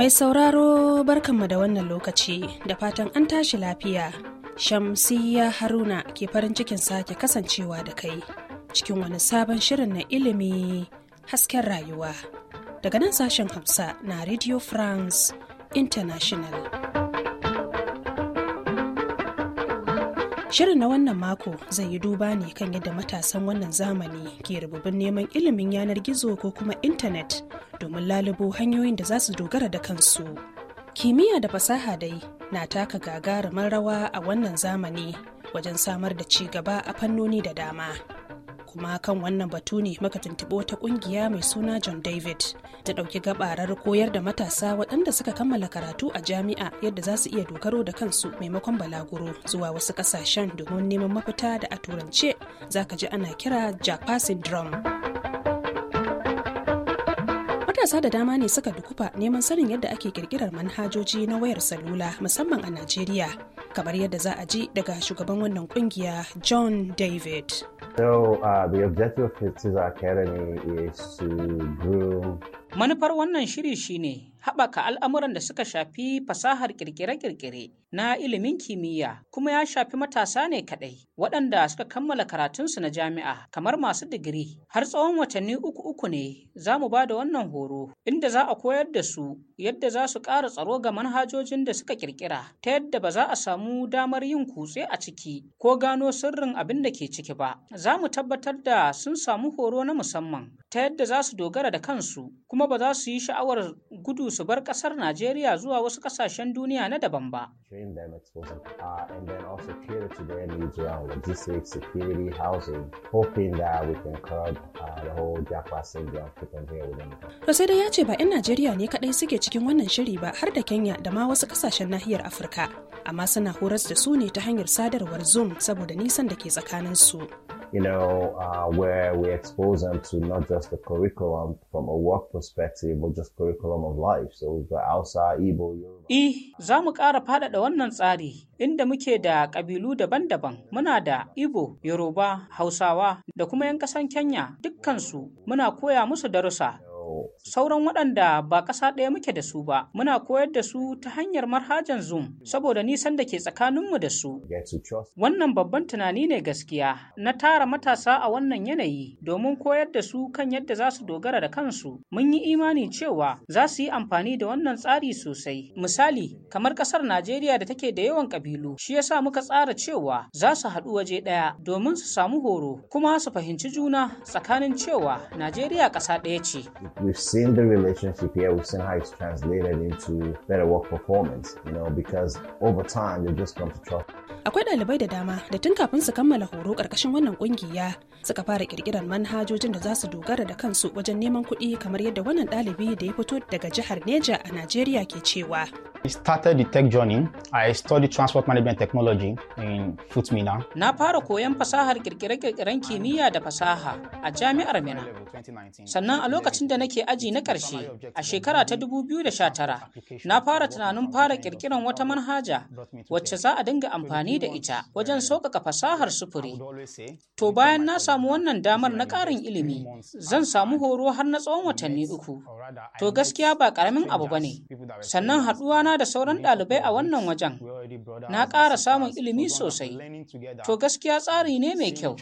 Mai sauraro barkanmu da wannan lokaci da fatan an tashi lafiya. Shamsiyya Haruna ke farin cikin sake kasancewa da kai cikin wani sabon shirin na ilimi hasken rayuwa. Daga nan sashen hamsa na Radio France International. Shirin na wannan mako zai yi duba ne kan yadda matasan wannan zamani ke rububin neman ilimin yanar gizo ko kuma intanet domin lalubo hanyoyin da za su dogara da kansu. Kimiyya da fasaha dai na taka gagarumin rawa a wannan zamani wajen samar da ci gaba a fannoni da dama. kuma kan wannan batu ne maka tuntuɓi wata ƙungiya mai suna John David ta ɗauki gabarar koyar da matasa waɗanda suka kammala karatu a jami'a yadda za su iya dogaro da kansu maimakon balaguro zuwa wasu ƙasashen domin neman mafita da a turance za ka ji ana kira Japa syndrome. matasa da dama ne suka dukufa neman sanin yadda ake kirkirar manhajoji na wayar salula musamman a najeriya kamar yadda za a ji daga shugaban wannan kungiya john david so, uh, the objective of Academy is to groom Manufar wannan shiri shine haɓaka al'amuran da suka shafi fasahar ƙirƙire-ƙirƙire na ilimin kimiyya kuma ya shafi matasa ne kaɗai waɗanda suka kammala karatunsu na jami'a kamar masu digiri har tsawon watanni uku uku ne za mu ba da wannan horo inda za a koyar da su yadda za su ƙara tsaro ga manhajojin da suka ƙirƙira ta yadda ba za a samu damar yin kutse a ciki ko gano sirrin abin da ke ciki ba za mu tabbatar da sun samu horo na musamman ta yadda za su dogara da kansu kuma ba za su yi sha'awar gudu su bar kasar Najeriya zuwa wasu kasashen duniya na daban ba. Uh, to sai dai ya ce ba 'yan Najeriya ne kadai suke cikin wannan shiri ba har da Kenya da ma wasu kasashen nahiyar Afirka, amma suna horas da su ne ta hanyar sadarwar Zoom saboda nisan da ke tsakanin su you know, uh, where we expose them to not just the curriculum from a work perspective, but just curriculum of life. So we've got Hausa, Igbo, Yoruba. E, za mu ƙara faɗaɗa wannan tsari inda muke da ƙabilu daban-daban. Muna da Igbo, Yoruba, Hausawa da kuma 'yan ƙasan Kenya dukkansu muna koya musu darussa Sauran waɗanda ba ƙasa ɗaya muke da su ba, muna koyar da su ta hanyar marhajan Zoom saboda nisan da ke tsakaninmu da su. Wannan babban tunani ne gaskiya na tara matasa a wannan yanayi domin koyar da su kan yadda za su dogara da kansu. Mun yi imani cewa za su yi amfani da wannan tsari sosai. Misali, kamar ƙasar Najeriya da take da yawan ƙabilu, shi yasa muka tsara cewa za su haɗu waje ɗaya domin su samu horo kuma su fahimci juna tsakanin cewa Najeriya ƙasa ɗaya ce. we've seen the relationship here. We've seen how it's translated into better work performance, you know, because over time you just come to trust. Akwai ɗalibai da dama da tun kafin su kammala horo ƙarƙashin wannan ƙungiya suka fara ƙirƙirar manhajojin da za su dogara da kansu wajen neman kuɗi kamar yadda wannan ɗalibi da ya fito daga jihar Neja a Najeriya ke cewa. I started the tech journey. I studied transport management technology in Futmina. Na fara koyon fasahar kirkire-kirkiren kimiyya da fasaha a jami'ar Mina. Sannan a lokacin da nake aji na ƙarshe a shekara ta 2019, na fara tunanin fara kirkiran wata manhaja wacce za a dinga amfani da ita wajen sauƙaƙa fasahar sufuri. To bayan na samu wannan damar na ƙarin ilimi, zan samu horo har na tsawon watanni uku. To gaskiya ba ƙaramin abu ba ne. Sannan haɗuwa na na da sauran ɗalibai a wannan wajen. Na ƙara samun ilimi sosai. To gaskiya tsari ne mai kyau.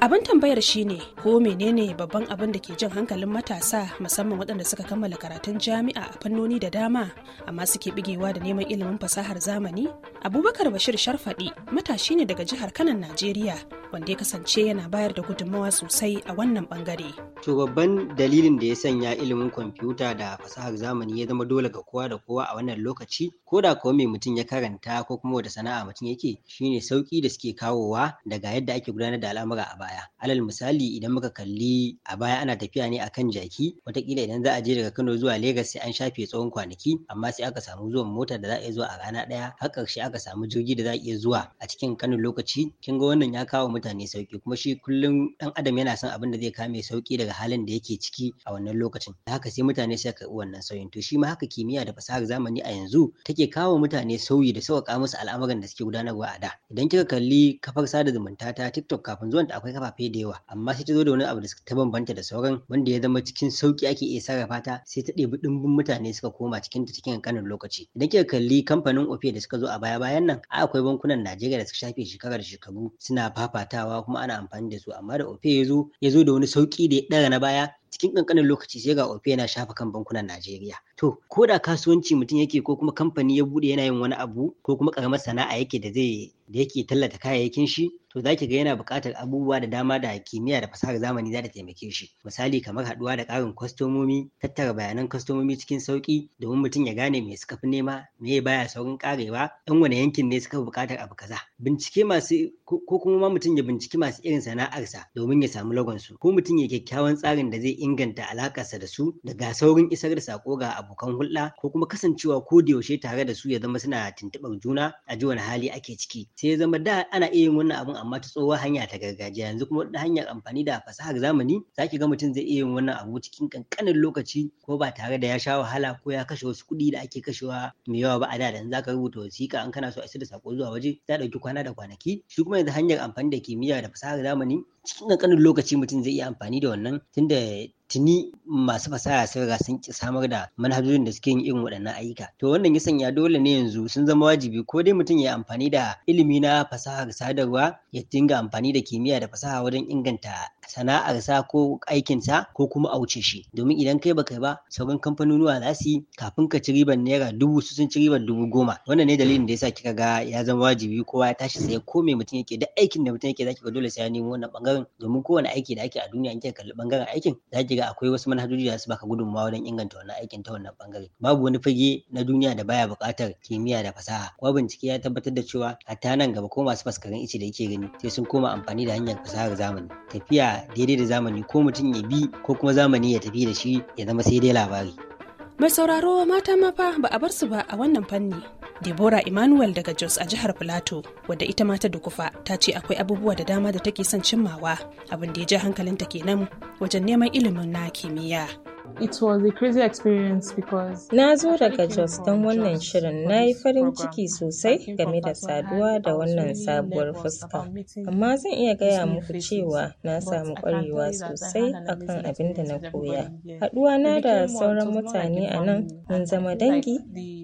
Abin tambayar shi ne ko menene babban abin da ke jan hankalin matasa musamman waɗanda suka kammala karatun jami'a a fannoni da dama amma suke bigewa da neman ilimin fasahar zamani? Abubakar Bashir Sharfaɗi matashi ne daga jihar Kanan Najeriya wanda ya kasance yana bayar da gudunmawa sosai a wannan bangare. To babban dalilin da ya sanya ilimin kwamfuta da fasahar zamani ya zama dole ga kowa da kowa a wannan lokaci ko da kuwa mai mutum ya karanta ko kuma wata sana'a mutum yake shine sauki da suke kawowa daga yadda ake gudanar da al'amura a baya. Alal misali idan muka kalli a baya ana tafiya ne a kan jaki watakila idan za a je daga Kano zuwa Legas sai an shafe tsawon kwanaki amma sai aka samu zuwan mota da za a iya zuwa a rana ɗaya har ƙarshe aka samu jirgi da za a iya zuwa a cikin Kano lokaci kin ga wannan ya kawo mutane sauki kuma shi kullum dan adam yana son abin da zai kame sauki daga halin da yake ciki a wannan lokacin haka sai mutane sai ka wannan sauyin to shi ma haka kimiyya da fasahar zamani a yanzu take kawo mutane sauyi da sauƙaƙa musu al'amuran da suke gudanarwa a da idan kika kalli kafar sada zumunta ta TikTok kafin zuwan ta akwai kafafe da yawa amma sai ta zo da wani abu da ta bambanta da sauran wanda ya zama cikin sauki ake iya sarrafa ta sai ta ɗebi ɗumbin mutane suka koma cikin ta cikin ƙanƙanin lokaci idan kika kalli kamfanin Ofe da suka zo a baya bayan nan akwai bankunan Najeriya da suka shafe shekarar shekaru suna fafa fafatawa kuma ana amfani da su amma da ofe ya zo ya zo da wani sauƙi da ya ɗara na baya cikin ƙanƙanin lokaci sai ga ofe yana shafa kan bankunan Najeriya to ko da kasuwanci mutum yake ko kuma kamfani ya bude yana yin wani abu ko kuma karamar sana'a yake da zai da yake tallata kayayyakin shi to za ga yana buƙatar abubuwa da dama da kimiyya da fasahar zamani za ta taimake shi misali kamar haɗuwa da ƙarin kwastomomi tattara bayanan kwastomomi cikin sauƙi domin mutum ya gane me suka fi nema me ya baya saurin ƙarewa ɗan wani yankin ne suka fi buƙatar abu kaza bincike masu ko kuma ma mutum ya binciki masu irin sana'arsa domin ya samu lagon ko mutum ya kyakkyawan tsarin da zai inganta alakarsa da su daga saurin isar da sako ga abokan hulɗa ko kuma kasancewa ko da yaushe tare da su ya zama suna tuntuɓar juna a ji wani hali ake ciki sai ya zama da ana iya yin wannan abun amma ta tsohuwar hanya ta gargajiya yanzu kuma da hanyar amfani da fasahar zamani Za ki ga mutum zai iya yin wannan abu cikin kankanin lokaci ko ba tare da ya sha wahala ko ya kashe wasu kuɗi da ake kashewa mai yawa ba a da yanzu ka rubuta wasiƙa an kana so a isa da saƙo zuwa waje za a ɗauki kwana da kwanaki shi kuma yanzu hanyar amfani da kimiyya da fasahar zamani cikin ƙanƙanin lokaci mutum zai iya amfani da wannan tunda tuni masu fasaha sun riga sun samar da manhajojin da suke yin irin waɗannan ayyuka to wannan ya sanya dole ne yanzu sun zama wajibi ko dai mutum ya amfani da ilimi na fasahar sadarwa ya dinga amfani da kimiyya da fasaha wajen inganta sana'arsa ko aikinsa ko kuma a wuce shi domin idan kai baka ba sauran kamfanonuwa za su yi kafin ka ci ribar naira dubu su sun ci ribar dubu goma wannan ne dalilin da yasa kika ga ya zama wajibi kowa ya tashi sai ko me mutum yake da aikin da mutum yake zaki ga dole sai ya nemo wannan bangaren domin kowane aiki da ake a duniya in kika kalli bangaren aikin zaki ga akwai wasu manhajoji da su baka gudunmawa wajen inganta wannan aikin ta wannan bangare babu wani fage na duniya da baya buƙatar kimiyya da fasaha kuma bincike ya tabbatar da cewa hatta nan gaba ko masu faskarin ice da yake gani sai sun koma amfani da hanyar fasahar zamani tafiya daidai da zamani ko mutum ya bi ko kuma zamani ya tafi da shi ya zama sai dai labari. Mai sauraro mata mafa ba a bar su ba a wannan fanni. Deborah Emmanuel daga Jos a jihar Filato, wadda ita ma ta dukufa, ta ce akwai abubuwa da dama da take son cimmawa, abin da ya ja hankalinta kenan wajen neman ilimin na kimiyya. It was a crazy experience because Na zo daga Jos don wannan shirin na yi farin ciki sosai game da saduwa da wannan sabuwar fuska. Amma zan iya gaya muku cewa na samu ƙwarewa sosai akan abin da na koya. Haɗuwa na da sauran mutane a nan mun zama dangi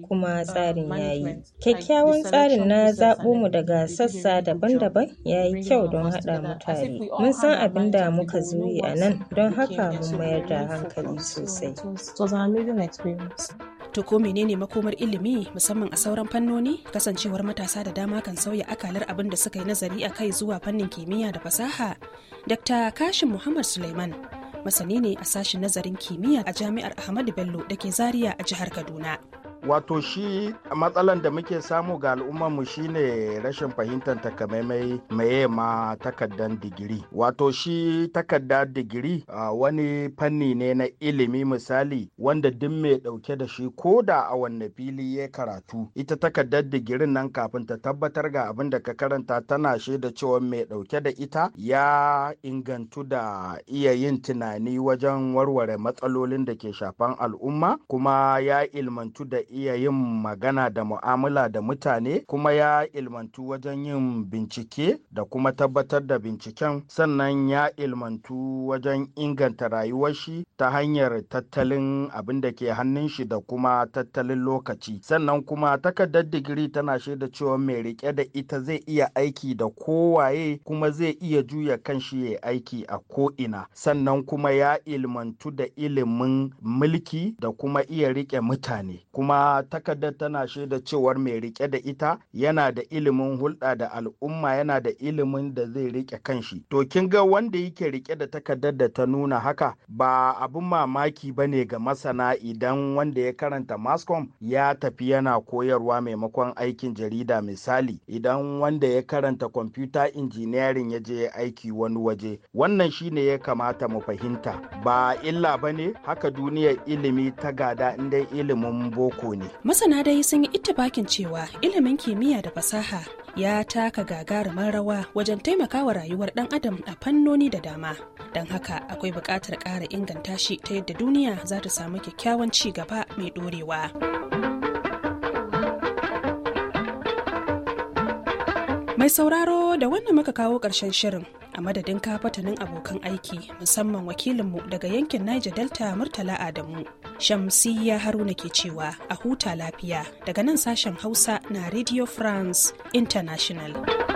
kuma uh, tsarin ya yi. Kyakkyawan tsarin na zaɓo mu daga sassa daban-daban ya yi kyau don haɗa mu Mun san abin da muka zuyi a nan don haka mun mayar da hankali sosai. To ko menene makomar ilimi musamman a sauran fannoni kasancewar matasa da dama kan sauya akalar abin da suka yi nazari a kai zuwa fannin kimiyya da fasaha. Dr. Kashin Muhammad Suleiman masani ne a sashen nazarin kimiyya a jami'ar Ahmadu Bello da ke Zaria a jihar Kaduna. wato shi matsalan da muke samu ga mu shine rashin fahimtar takamaimai maye ma takaddan digiri wato shi takadda digiri wani fanni ne na ilimi misali wanda duk mai dauke da shi ko da a wanne fili ya karatu ita takaddar digirin nan kafin ta tabbatar ga abin da ka karanta tana shaida cewa mai dauke da ita ya ingantu da iya yin tunani wajen warware matsalolin da ke shafan al'umma kuma ya ilmantu da iya yin magana da mu'amala da mutane kuma ya ilmantu wajen yin bincike da kuma tabbatar da binciken sannan ya ilmantu wajen inganta rayuwar shi ta hanyar tattalin abin da ke hannun shi da kuma tattalin lokaci sannan kuma takardar digiri tana shi da cewa mai rike da ita zai iya aiki da kowaye kuma zai iya juya kanshi ya aiki a ko'ina sannan kuma ya ilmantu da ilimin mulki da kuma iya rike mutane kuma takardar tana shaida cewar mai rike da ita yana da ilimin hulɗa da al'umma yana da ilimin da zai rike kanshi to kin ga wanda yake rike da takardar da ta nuna haka ba abin mamaki ba ne ga masana idan wanda ya karanta mascom ya tafi yana koyarwa maimakon aikin jarida misali idan wanda ya karanta kwamfuta injiniyarin ya je aiki wani waje wannan shine ya kamata mu fahimta ba illa ba ne haka duniyar ilimi ta gada inda ilimin boko ne. Masana dai sun yi ittifakin cewa ilimin kimiyya da fasaha ya taka gagarumin rawa wajen taimakawa rayuwar dan adam a fannoni da dama don haka akwai buƙatar ƙara inganta shi ta yadda duniya za ta samu kyakkyawan ci gaba mai ɗorewa. mai sauraro da wannan muka kawo ƙarshen shirin a madadin kafatanin abokan aiki musamman wakilinmu daga yankin niger delta murtala adamu shamsiyya haruna ke cewa a huta lafiya daga nan sashen hausa na radio france international